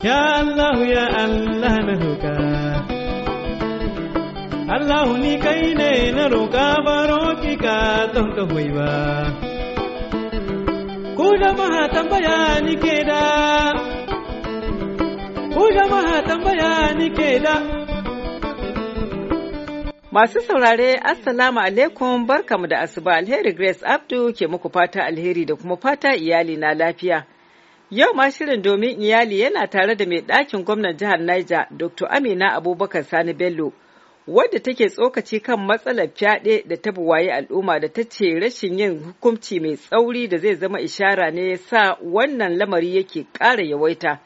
Ya Allah ya Allah na roƙa Allah ni kai ne na roƙa baro ki ka don ka hoyi ba Ku jama'a tambaya ni ke da Ku jama'a tambaya ni ke da Masu saurare Assalamu alaikum barkamu da asuba alheri Grace Abdu ke muku fata alheri da kuma fata iyali na lafiya Yau ma shirin domin iyali yana tare da mai ɗakin gwamnan jihar Niger, Dr. Amina Abubakar Sani Bello, wadda take tsokaci kan matsalar fyaɗe da ta buwaye al'umma da ta ce rashin yin hukunci mai tsauri da zai zama ishara ne ya sa wannan lamari yake ƙara yawaita.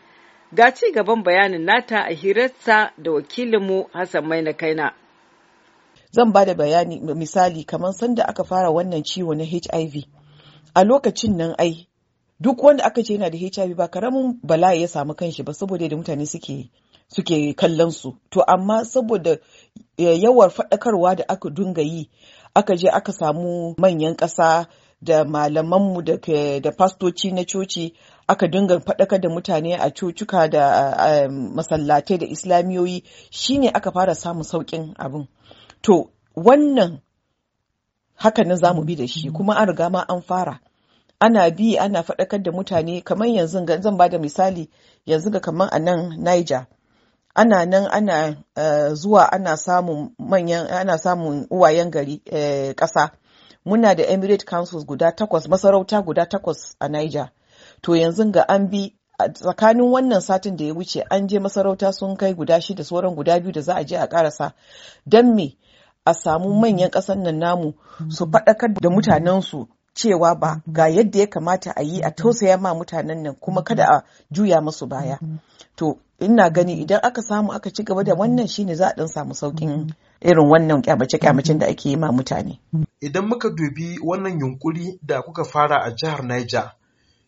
Ga ci gaban bayanin nata a hirarsa da wakilinmu Hassan Maina Kaina. Zan ba da bayani misali kamar sanda aka fara wannan ciwo na HIV. A lokacin nan ai duk wanda aka ce yana da HIV ba karamin bala'i ya samu kanshi ba saboda da mutane suke suke kallon su to amma saboda eh, yawar faɗakarwa da aka dunga yi aka je aka samu manyan ƙasa da malamanmu da fastoci na coci aka dinga faɗakar da mutane a cocuka da masallatai da islamiyoyi shine aka fara samun sauƙin abin to wannan hakanin za mu bi da shi mm-hmm. kuma an riga ma an fara ana bi ana faɗakar da mutane kamar yanzu zan ba da misali yanzu ga kamar a nan niger ana nan ana eh, zuwa ana samun manyan ana samun uwayen gari eh, ƙasa muna da emirate councils guda takwas masarauta guda takwas a niger to yanzu ga an bi tsakanin wannan satin da ya wuce an je masarauta sun kai guda shi da sauran guda biyu da za a je a karasa don me a samu manyan ƙasan nan namu su mm. faɗakar da mutanensu cewa ba ga yadda ya kamata a yi a mm-hmm. tausaya ma mutanen nan kuma mm-hmm. kada a juya musu baya mm-hmm. to ina gani idan aka samu aka ci gaba da wannan shine za a dan samu saukin irin wannan kyamace kyamacen da ake yi ma mutane idan muka dubi wannan yunkuri da kuka fara a jihar Niger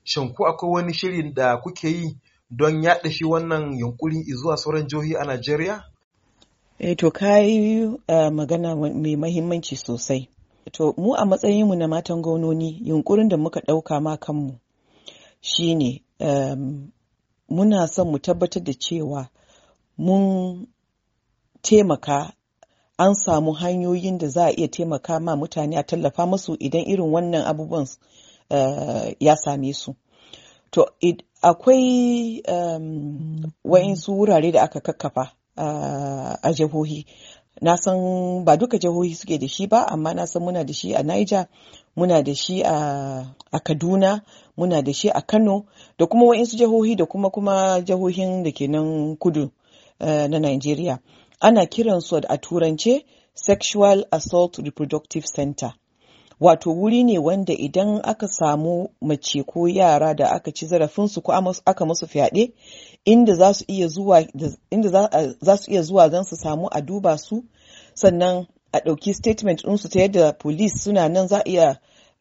shin ko akwai wani shirin da kuke yi don yaɗa shi wannan yunkuri zuwa sauran jihohi a Najeriya eh to kai eh, magana mai mahimmanci sosai to mu a matsayinmu na matan gononi yunkurin da muka ɗauka ma kanmu shine ne. Ehm, muna son mu tabbatar da cewa mun taimaka an samu hanyoyin da za a iya taimaka ma mutane a tallafa musu idan irin wannan abubuwan eh, ya same su to akwai ehm, wa'in su wurare da aka kakkafa ah, a jihohi na san ba duka jihohi suke da shi ba amma na san muna da shi a niger muna da shi a kaduna muna da shi a kano da kuma wa'insu jihohi da kuma kuma jihohin da ke nan kudu eh, na nigeria ana kiransu a turance sexual assault reproductive center wato wuri ne wanda idan aka samu mace ko yara da aka ci zarafinsu ko aka musu fyaɗe inda za su iya zuwa don su samu a duba su sannan a ɗauki statement ɗinsu ta yadda police suna nan za a iya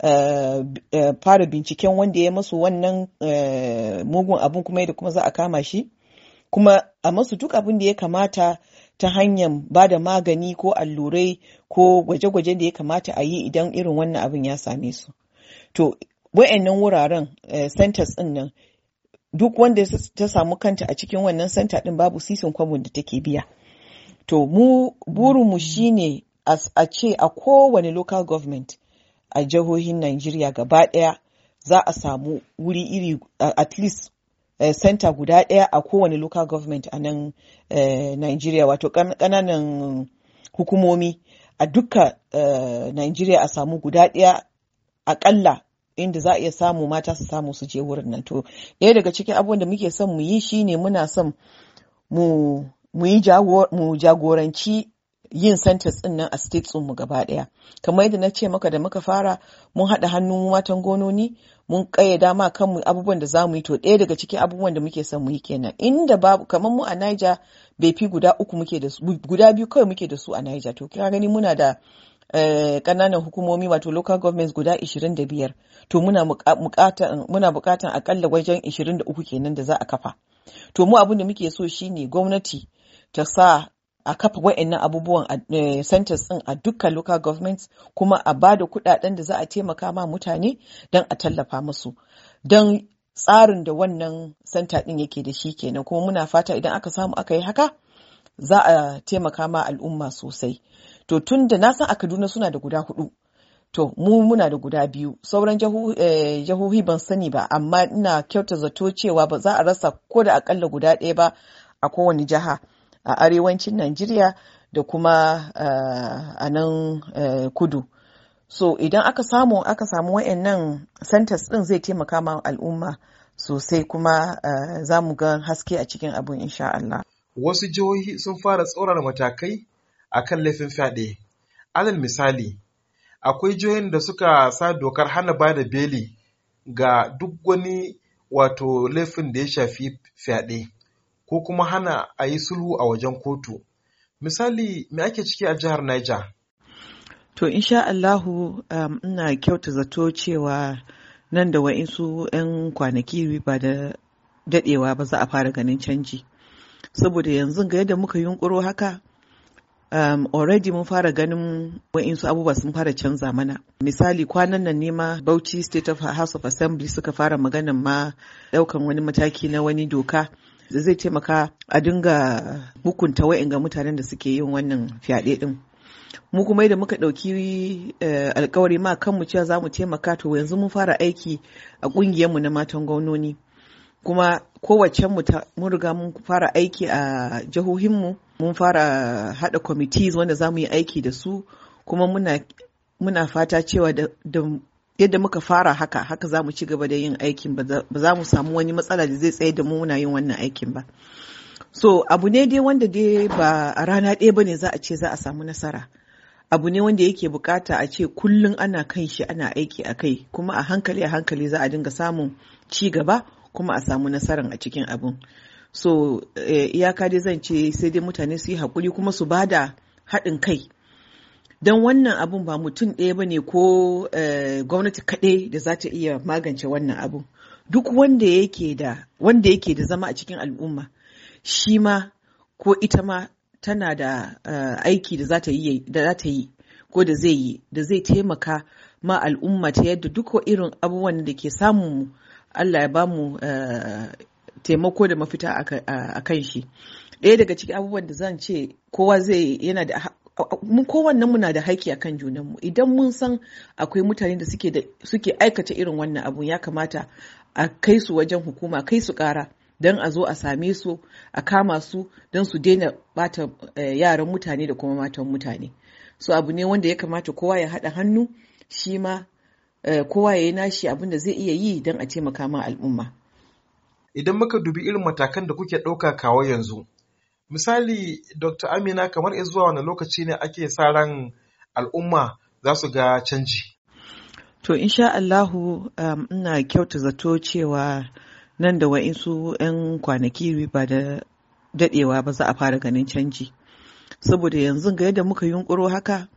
eh, eh, fara binciken wanda ya masu wannan eh, mugun abin kuma yadda kuma za a kama shi kuma a masu duk abin da ya kamata ta hanyar ba da magani ko allurai ko gwaje gwaje da ya kamata a yi idan irin wannan abin ya same su. To, wa'annan wuraren eh, centers ɗin nan duk wanda ta samu kanta a cikin wannan center ɗin babu sisin kwabon da take biya. To, mu burinmu ne a ce a kowane local government a jihohin Najeriya gaba ɗaya za a samu wuri iri at least Senta eh, guda ɗaya a kowane local government a nan eh, Nigeria wato ƙananan hukumomi a duka eh, Nigeria a samu guda ɗaya aƙalla inda za a iya samu mata su samu su je wurin nan to ɗaya daga cikin abubuwan da muke son mu yi shine muna son mu mu yi jagoranci yin sentence din nan a states mu gaba daya kamar yadda na ce maka da muka fara mun haɗa mu matan gononi mun kayyada ma kanmu abubuwan da za yi to ɗaya daga cikin abubuwan da muke son mu yi kenan inda babu kamar mu a Niger bai fi guda uku muke da su guda biyu kawai muke da su a Niger to kira gani muna da kananan eh, hukumomi wato local governments guda 25 to muna bukatan muna bukatan akalla wajen 23 kenan da za a kafa to mu abin da muke so shine gwamnati ta sa a kafa wa'annan abubuwan eh, centers din a dukkan local governments kuma a ba da kudaden da za a taimaka ma mutane don a tallafa musu don tsarin da wannan center din yake da shi kenan kuma muna fata idan aka samu aka yi haka za a taimaka ma al'umma sosai to tun da na san a kaduna suna da guda hudu to mu muna da guda biyu sauran eh, jahohi ban sani ba amma ina kyauta zato cewa ba za a rasa ko da akalla guda ɗaya ba a kowane jiha a arewacin Najeriya da kuma eh, a nan eh, kudu. So idan aka samu aka samu wayannan centers ɗin zai taimaka ma al'umma sosai kuma eh, za mu ga haske a cikin abun insha Allah. Wasu jihohi sun fara tsoron matakai a kan laifin fyaɗe. Alal misali, akwai jihohin da suka sa dokar hana ba da beli ga duk wani wato laifin da ya shafi fyaɗe. ko kuma hana a yi sulhu a wajen kotu. Misali, me ake ciki a jihar Niger? To, insha Allahu um, ina kyauta zato cewa nan da wa'insu 'yan kwanaki ba da daɗewa ba za a fara ganin canji. Saboda yanzu ga yadda muka yunkuro haka, um, already mun fara ganin wa'insu abubuwa sun fara canza mana misali kwanan nan ne ma bauchi state of house of assembly suka fara maganan ma daukan wani mataki na wani doka da zai taimaka a dinga hukunta wa'inga mutanen da suke yin wannan fyaɗe ɗin. Mu kuma da muka ɗauki eh, alkawari ma kanmu cewa za mu taimaka to yanzu mun fara aiki a ƙungiyarmu na matan gwamnoni. Kuma kowace mun riga mun fara aiki a jihohinmu mun fara haɗa committees wanda za mu yi aiki da su kuma muna muna fata cewa da yadda muka fara haka haka za mu ci gaba da yin aikin ba za mu samu wani matsala da zai tsaye da mu muna yin wannan aikin ba so abu ne dai wanda dai ba a rana ɗaya ba ne za a ce za a samu nasara abu ne wanda yake bukata a ce kullum ana kan shi ana aiki a kai kuma a hankali a hankali za a dinga samun ci gaba kuma a samu nasaran a cikin abin so eh, iyaka dai zan ce sai dai mutane su yi haƙuri kuma su bada haɗin kai don wannan abun ba mutum ɗaya ba ne ko eh, gwamnati kaɗai da za ta iya magance wannan abun duk wanda yake da zama a cikin al'umma shi ma ko ita ma tana da eh, aiki da za ta yi ko da zai yi da zai taimaka ma al'umma ta yadda duk irin abubuwan da ke samun Allah ya bamu eh, taimako da mafita a kan shi ɗaya daga cikin abubuwan da zan ce kowa zai yana da mu kowannen muna da haƙƙi akan junan mu idan mun san akwai mutane da suke aikata irin wannan abu ya kamata a kai su wajen hukuma kai su ƙara don a zo a same su a kama su don su daina bata eh, yaran mutane da kuma matan mutane so abu ne wanda ya kamata kowa ya haɗa hannu shi ma eh, kowa ya yi nashi abin da zai iya yi don a taimaka ma al'umma idan muka dubi irin matakan da kuke ɗauka kawo yanzu Misali Dr. Amina kamar zuwa wani lokaci ne ake sa ran al'umma za su ga canji? To insha Allahu um, ina kyauta zato cewa nan da wa'insu 'yan kwanaki ba da daɗewa ba za a fara ganin canji. Saboda yanzu ga yadda muka yunkuro haka,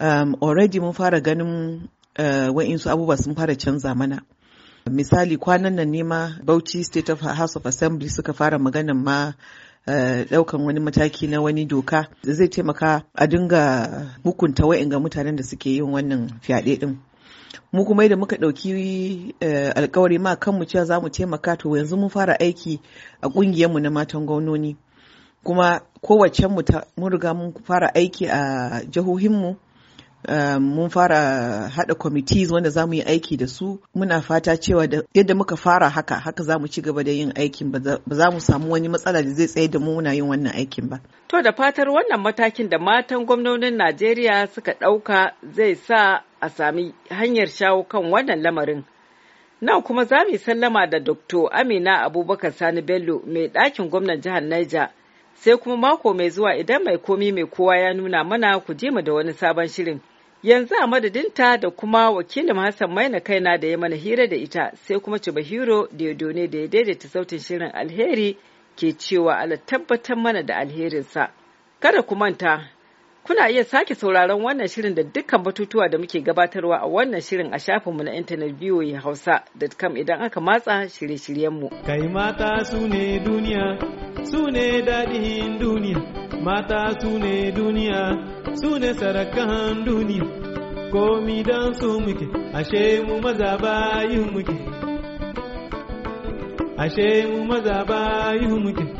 um, already mun fara ganin uh, wa'insu abubuwa sun fara canza mana. misali kwanan nan ne ma bauchi state of house of assembly suka fara maganan ma Eh, daukan wani mataki na wani doka zai taimaka a dinga hukunta wa'inga mutanen da suke yin wannan fyaɗe ɗin. mu kuma da muka ɗauki eh, alkawari ma kanmu cewa za mu taimaka to yanzu mun fara aiki a ƙungiyarmu na matan gwamnoni kuma kowace mu mun riga mun fara aiki a jihohinmu Eh, mun fara haɗa committees wanda za mu yi aiki da su muna fata cewa yadda muka fara haka haka za mu ci gaba da yin aikin ba za mu samu wani matsala da zai tsaye da mu muna yin wannan aikin ba. To da fatar wannan matakin da matan gwamnonin Najeriya suka ɗauka zai sa a sami hanyar shawo kan wannan lamarin. Nawa kuma za mu sallama da Dr. Amina Abubakar Sani Bello mai ɗakin gwamnan jihar Niger. Sai kuma mako mai zuwa idan mai komi mai kowa ya nuna mana ku je mu da wani sabon shirin. Yanzu a madadinta da kuma wakilin Hassan Maina kaina da ya mana hira da ita sai kuma hiro da ya done da ya daidaita sautin shirin alheri ke cewa ala tabbatar mana da alherinsa. Kada ku manta Kuna iya sake sauraron wannan shirin da dukkan batutuwa da muke gabatarwa a wannan shirin a shafinmu na intanet da hausa.com idan aka matsa shirye-shiryenmu. Kai mata su ne duniya, su ne daɗin duniya, mata su ne duniya, su ne sarakan duniya. Komi don su muke, ashe mu maza bayu muke, ashe mu maza bayu muke.